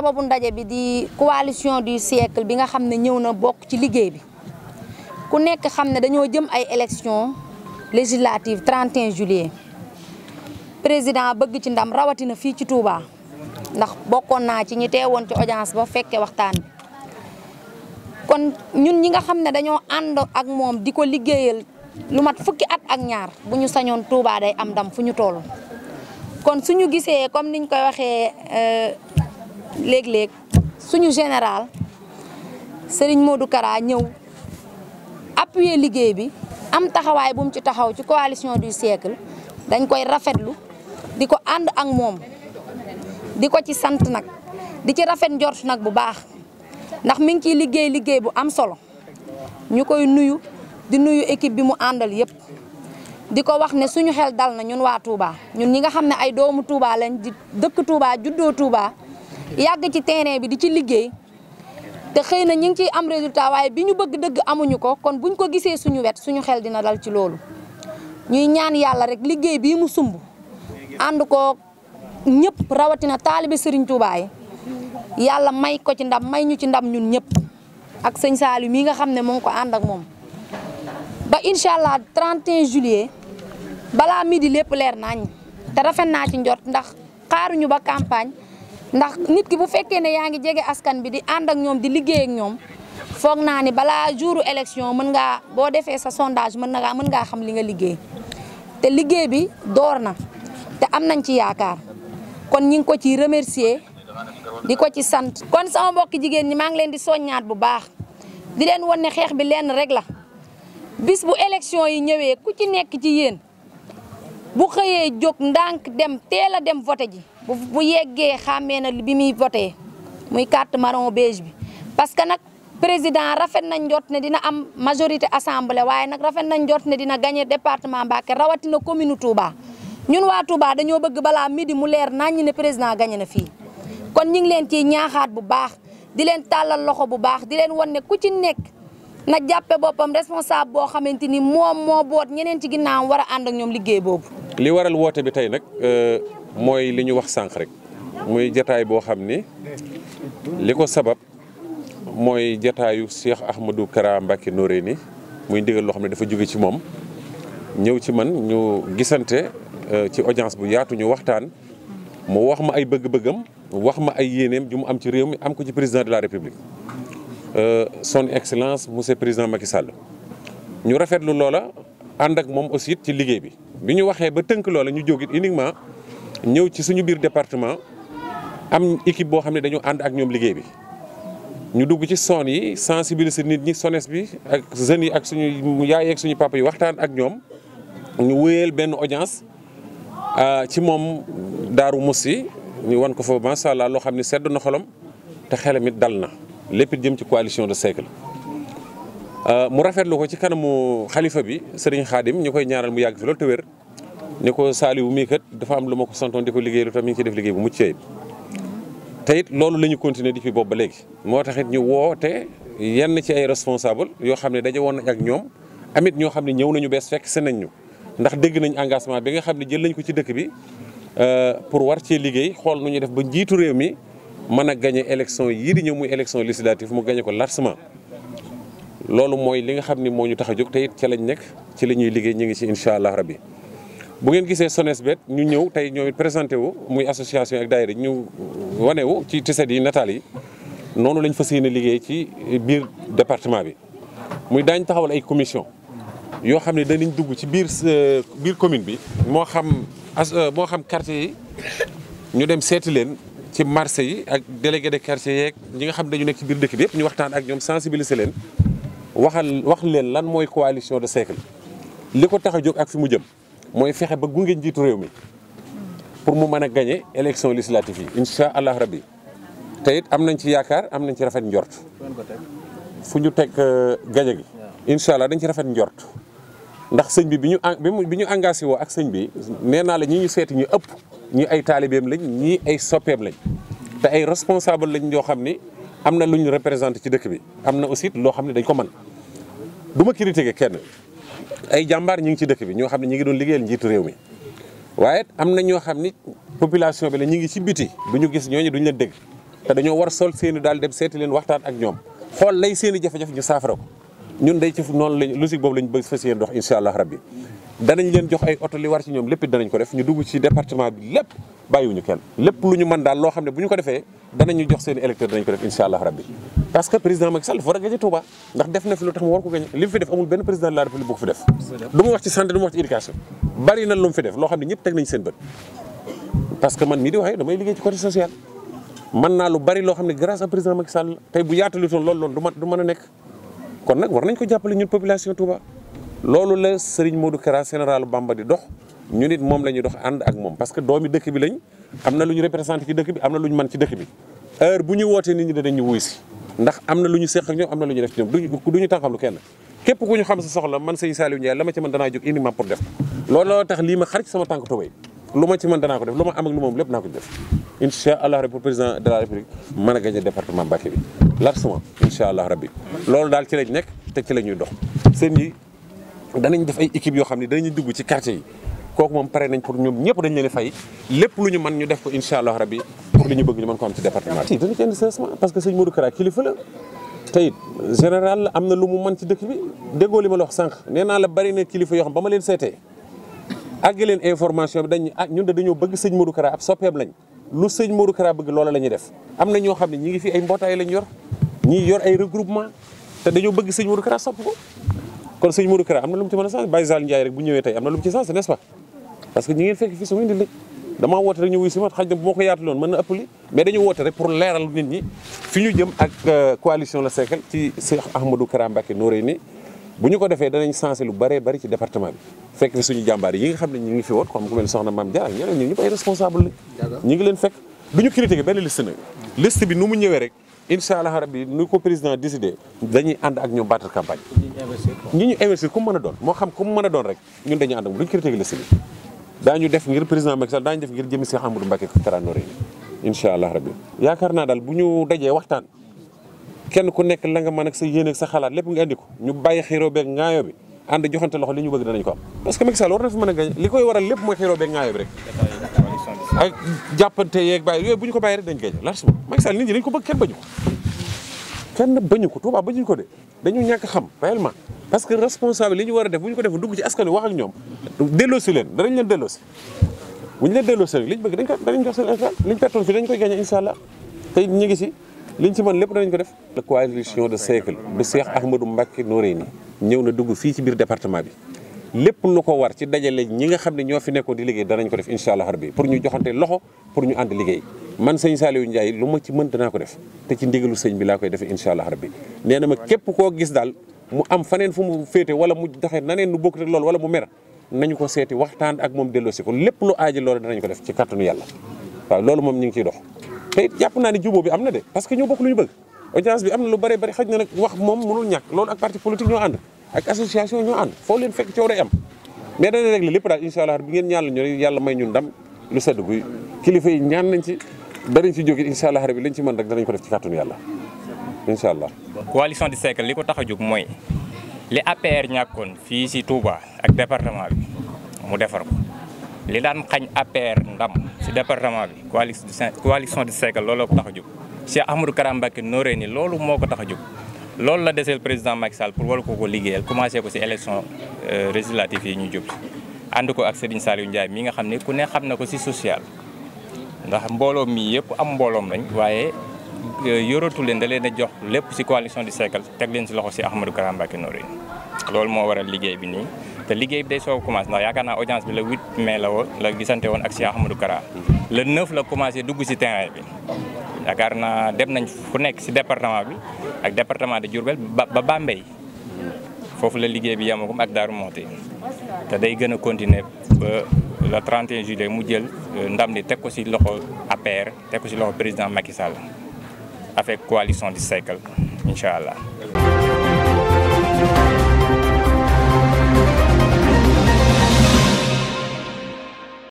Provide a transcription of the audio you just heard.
sababu ndaje bi di coalition du siècle bi nga xam ne ñëw na bokk ci liggéey bi ku nekk xam ne dañoo jëm ay élection législative 31 juillet président bëgg ci ndam rawatina fii ci Touba ndax bokkoon naa ci ñi teewoon ci audience ba fekkee waxtaan bi kon ñun ñi nga xam ne dañoo ànd ak moom di ko liggéeyal lu mat fukki at ak ñaar bu ñu sañoon Touba day am ndam fu ñu toll kon suñu gisee comme niñ koy waxee euh, léeg-léeg suñu général Serigne Modou Kara ñëw appuyer liggéey bi am taxawaay bu ci taxaw ci coalition du siècle dañ koy rafetlu di ko ànd ak moom di ko ci sant nag di ci rafet njort nag bu baax ndax mi ngi ciy liggéey liggéey bu am solo ñu koy nuyu di nuyu équipe bi mu àndal yëpp di ko wax ne suñu xel dal na ñun waa Touba ñun ñi nga xam ne ay doomu Touba lañ di dëkk Touba juddoo Touba yàgg ci terrain bi di ci liggéey te xëy na ñu ngi ciy am résultat waaye bi ñu bëgg dëgg amuñu ko kon bu ñu ko gisee suñu wet suñu xel dina dal ci loolu ñuy ñaan yàlla rek liggéey bi mu sumb ànd ko ñëpp rawatina taalibe Serigne Touba yàlla may ko ci ndam may ñu ci ndam ñun ñëpp ak sëñ Saliou mii nga xam ne moom ko ànd ak moom ba incha allah 31 juillet balaa di lépp leer nañ te rafet naa ci njot ndax xaaruñu ba campagne ndax nit ki bu fekkee ne yaa ngi jege askan bi di ànd ak ñoom di liggéey ak ñoom foog naa ni balaa jouru élection mën ngaa boo defee sa sondage mën na ngaa mën ngaa xam li nga liggéey te liggéey bi door na te am nañ ci yaakaar kon ñi ngi ko ci remercier di ko ci sant kon sama mbokki jigéen ñi maa ngi leen di soññaat bu baax di leen wan ne xeex bi lenn rek la bis bu élection yi ñëwee ku ci nekk ci yéen bu xëyee jóg ndànk dem teel a dem voté ji bu bu yeggee xàmmee na bi muy voté muy carte marron beige bi parce que nag président rafet nañ njot ne dina am majorité assemblée waaye nag rafet nañ jot ne dina gagné département Mbacké rawatina commune Touba ñun waa Touba dañoo bëgg balaa midi mu leer naññ ne président gagné na fii kon ñu ngi leen ciy ñaaxaat bu baax di leen tàllal loxo bu baax di leen wan ne ku ci nekk na jàppe boppam responsable boo xamante ni moom moo boot ñeneen ci ginnaaw war a ànd ak ñoom liggéey boobu. li waral woote bi tey nag. Euh, mooy li ñu wax sànq rek muy jataay boo xam ni li ko sabab mooy jataayu Cheikh Ahmadou Kara Mbacké Noreyni muy ndigal loo xam ne dafa jóge ci moom ñëw ci man ñu gisante euh, ci audience bu yaatu ñu waxtaan mu wax ma ay bëgg-bëggam wax ma ay yéeneem ju mu am ci réew mi am ko ci président de la république euh, son excellence monsieur président Macky Sall ñu rafetlu loola ànd ak moom aussi ci liggéey bi bi ñu waxee ba tënk loola ñu jógit uniquement ñëw ci suñu biir département am équipe boo xam ne dañoo ànd ak ñoom liggéey bi ñu dugg ci son yi sensibiliser nit ñi sones bi ak jeunes yi ak suñu yaay ak suñu papa yi waxtaan ak ñoom ñu wéyal benn audience euh, ci moom Daaru Moussi ñu wan ko fa macha allah loo xam ne sedd na xolam te xelam dal na lépp jëm ci coalition de siècle euh, mu rafetlu ko ci kanamu xalifa bi Serigne Khadim ñu koy ñaanal mu yàgg fi loolu te wér ni ko Saliou mii kat dafa am lu ma ko santoon di ko liggéey lu tax ci def liggéey bu mucc ayib te loolu la ñu continuer di fii boobu ba léegi moo tax it ñu woote yenn ci ay responsable yoo xam ne daje woon nañ ak ñoom amit ñoo xam ne ñëw nañu bees fekk se nañ ñu ndax dégg nañ engagement bi nga xam ne jël nañ ko ci dëkk bi euh, pour war cee liggéey xool nu ñuy def ba njiitu réew mi mën a gagné élection yii di ñëw muy élection législative mu gañe ko largement loolu mooy li nga xam ne moo ñu tax a jóg te it lañ nekk ci la ñuy liggéey ñu ngi ci incha allah rabbi bu ngeen gisee SONESBET ñu ñëw tey ñooy présenté wu muy association ak daayira ñu wane wu ci tiset yi nataal yi noonu lañ fas yéene liggéey ci biir département bi muy daañ taxawal ay commission yoo xam ne danañ dugg ci biir euh, biir commune bi moo xam as euh, moo xam quartier yi ñu dem seeti leen ci marché yi ak délégué de quartier yeeg ñi nga xam ne dañu nekk ci biir dëkk bi yëpp ñu waxtaan ak ñoom sensibiliser leen waxal wax leen lan mooy coalition de siècle li ko tax a jóg ak fi mu jëm mooy fexe ba gunge njiitu réew mi pour mu mën a gagné élection législative yi incha allah rabbi te it am nañ ci yaakaar am nañ ci rafet njort fu ñu teg euh, gaje gi incha dañ ci rafet njort ndax sëñ bi bi ñu bi ñu engagé woo ak sëñ bi nee naa la ñi ñu seeti ñu ëpp ñi ay taalibeem lañ ñii ay soppeem lañ te ay responsable lañ yoo xam ni am na lu ñu représenté ci dëkk bi am na aussi loo xam ne dañ ko man du ma critiquer kenn ay jàmbaar ñi ngi ci dëkk bi ñoo xam ne ñi ngi doon liggéeyal njiitu réew mi waaye am na ñoo xam ni population bi la ñi ngi ci biti bu ñu gis ñooñu duñu leen dégg te dañoo war sol seeni daal dem seeti leen waxtaan ak ñoom xool lay seeni jafe-jafe ñu saafara ko ñun day ci noonu lañ logique boobu lañ bëgg fas yéene dox incha allah rabbi danañ leen jox ay oto li war ci ñoom lépp danañ ko def ñu dugg ci département bi lépp bàyyiwuñu kenn lépp lu ñu mën daal loo xam ne bu ñu ko defee danañu jox seen électeur danañ ko def insha allah rabbi parce que président Macky Sall dafa war a gañe Touba ndax def na fi lu tax mu war ko gañe li mu fi def amul benn président de la république bu ko fi def du wax ci santé du ma wax ci éducation bari na lu mu fi def loo xam ne ñëpp teg nañ seen bët parce que man mii di waxee damay liggéey ci côté social mën naa lu bari loo xam ne grâce à président Macky Sall tey bu yaatalutoon loolu loolu du ma kon nag war nañ ko jàppale ñun population Touba loolu la Serigne Modou Kara général Bamba di dox ñu nit moom lañuy ñuy dox ànd ak moom parce que doomi dëkk bi lañ am na lu ñu représenté ci dëkk bi am na lu ñu mën ci dëkk bi heure bu ñu wootee nit danañ ñu wuy si ndax lu ñu séq na lu ñu def ci ñoom ñu xam sa soxla man sëñ Saliou Ndiaye la ma ci mën danaa jóg uniquement pour def looloo tax lii ma xar lépp naa ko def incha allah rabbi pour de la république mën a gagné département Mbacké bi loolu daal ci te ci ñuy dox seen yi danañ def ay équipe yoo xam ne danañu dugg ci quartier yi kooku moom pare nañ pour ñoom ñëpp dañ leen fay lépp lu ñu mën ñu def ko incha allah rabi pour li ñu bëgg ñu mën ko am ci département bi. dana ci indi changement parce que sëñ Modou kilifa la te général am na lu mu mën ci dëkk bi déggoo li ma la wax sànq nee naa la bari na kilifa yoo xam ba ma leen seetee àgg leen information bi dañ ah ñun de dañoo bëgg sëñ Modou Kara lañ lu sëñ Modou Kara bëgg loola la def am na ñoo xam ne ñi ngi fi ay mbootaay lañ yor ñii yor ay regroupement te dañoo bëgg sëñ Modou Kara sopp ko kon sëñ Modou am na lu mu ci a sens am na lu mu ci parce que ñu ngi fekk fii sama indi la damaa woote rek ñu wuy si ma xaj na bu ma ko yaatu loon mën na ëpp li mais dañu woote rek pour leeral nit ñi fi ñu jëm ak euh, coalition la Sekkal ci Cheikh Ahmadou Kara Mbacké Noreyni bu ñu ko defee danañ sensé lu bëree bëri ci departement bi fekk fi suñu jàmbaar yi nga xam ne ñu ngi fi woon comme ku mel soxna Mame Diarra ñeneen ñi ngi leen fekk du ñu critiqué benn liste nag liste bi nu mu ñëwee rek incha allah ko président décidé dañuy ànd ak ñoom battre campagne ñi ñu investir ku mu mën a doon moo xam ku mu mën a doon rek ñun daañu def ngir président Macky Sall def ngir jëmi Cheikh Amadou Mbacké incha allah yaakaar naa daal bu ñu dajee waxtaan kenn ku nekk la nga mën ak sa yéene sa xalaat lépp nga indi ko ñu bay xiroo beeg ŋaayoo bi ànd joxante loxo li ñu bëgg danañ ko am. parce que Macky Sall war na fi mën a li koy waral lépp mooy xiroo beeg ŋaayoo bi rek ak jàppante yeeg bàyyi yooyu bu ñu ko bàyyi rek dañ gañ largement Macky nit ñi ko bëgg kenn bañu kenn bañu ko Touba bañu ko de dañu ñàkk xam réellement parce que responsable li ñu war a def bu ko def dugg ci askan wi wax ak ñoom delloosi leen danañ leen delloosi bu ñu leen delloosi rek liñ bëgg ko danañ jox seen insha liñ pertoon fi dañ koy gagné insha allah te ñu ngi si liñ ci mën lépp danañ ko def la coalition de siècle bu Cheikh Ahmadou Mbacké Noreyni ñëw na dugg fii ci biir département bi lépp lu ko war ci dajale ñi nga xam ne ñoo fi nekkoon di liggéey danañ ko def incha allah rabbi pour ñu joxante loxo pour ñu ànd liggéey man sëñ Saliou Ndiaye lu ma ci mën danaa ko def te ci ndigalu sëñ bi laa koy defee incha allah rabbi nee ma képp koo gis daal mu am faneen fu mu féete wala mu doxee naneen nu bokk rek loolu wala mu mer nañu ko seeti waxtaan ak moom delloosi ko lépp lu aaji loolu danañ ko def ci kattanu yàlla waaw loolu moom ñu ngi ciy dox te jàpp naa ne jubóo bi am na de parce que ñoo bokk lu ñu bëgg audience bi am na lu bëree bëri xëj na nag wax moom mënul ñàkk loolu ak parti politique ñoo ànd ak association lépp daal incha allah bi ngeen ñaan ñu yàlla may ñun ndam lu sedd nañ ci danañ si jógee incha allah rabi lañ ci mën rek danañ ko def ci kàttanu yàlla incha allah. coalition du siècle li ko tax a jóg mooy li APR ñàkkoon fii si Touba ak département bi mu defar ko li daan xañ APR ndam si département bi coalition du siècle looloo ko tax a jóg. Cheikh Ahmadou Kara Mbacké nooree ni loolu moo ko tax a jóg loolu la deseel président Macky Sall pour war ko ko liggéeyal commencé ko si élection euh, législative yi ñu jub ànd ko ak Serigne Saliou Ndiaye mi nga xam ne ku ne xam na ko si social. ndax mbooloo mi yëpp am mbooloom lañ waaye euh, yoratu leen da leen a jox lépp ci coalition du siècle teg leen si loxo si Ahmadou Kara Mbacké Noreyni loolu moo waral liggéey bi nii te liggéey bi day soog a ndax yaakaar naa audience bi la 8 mais la la gisante woon ak ci Ahmadou Kara le 9 la commencé dugg ci terrain bi yaakaar naa dem nañ fu nekk si département bi ak département de Diourbel ba Bambey foofu la liggéey bi yemagum ak daar Mouhty te day gën a continuer ba le 31 juillet mu jël euh, ndam li teg ko ci loxo APR teg ko ci loxo président Macky Sall avec coalition du siècle incha allah.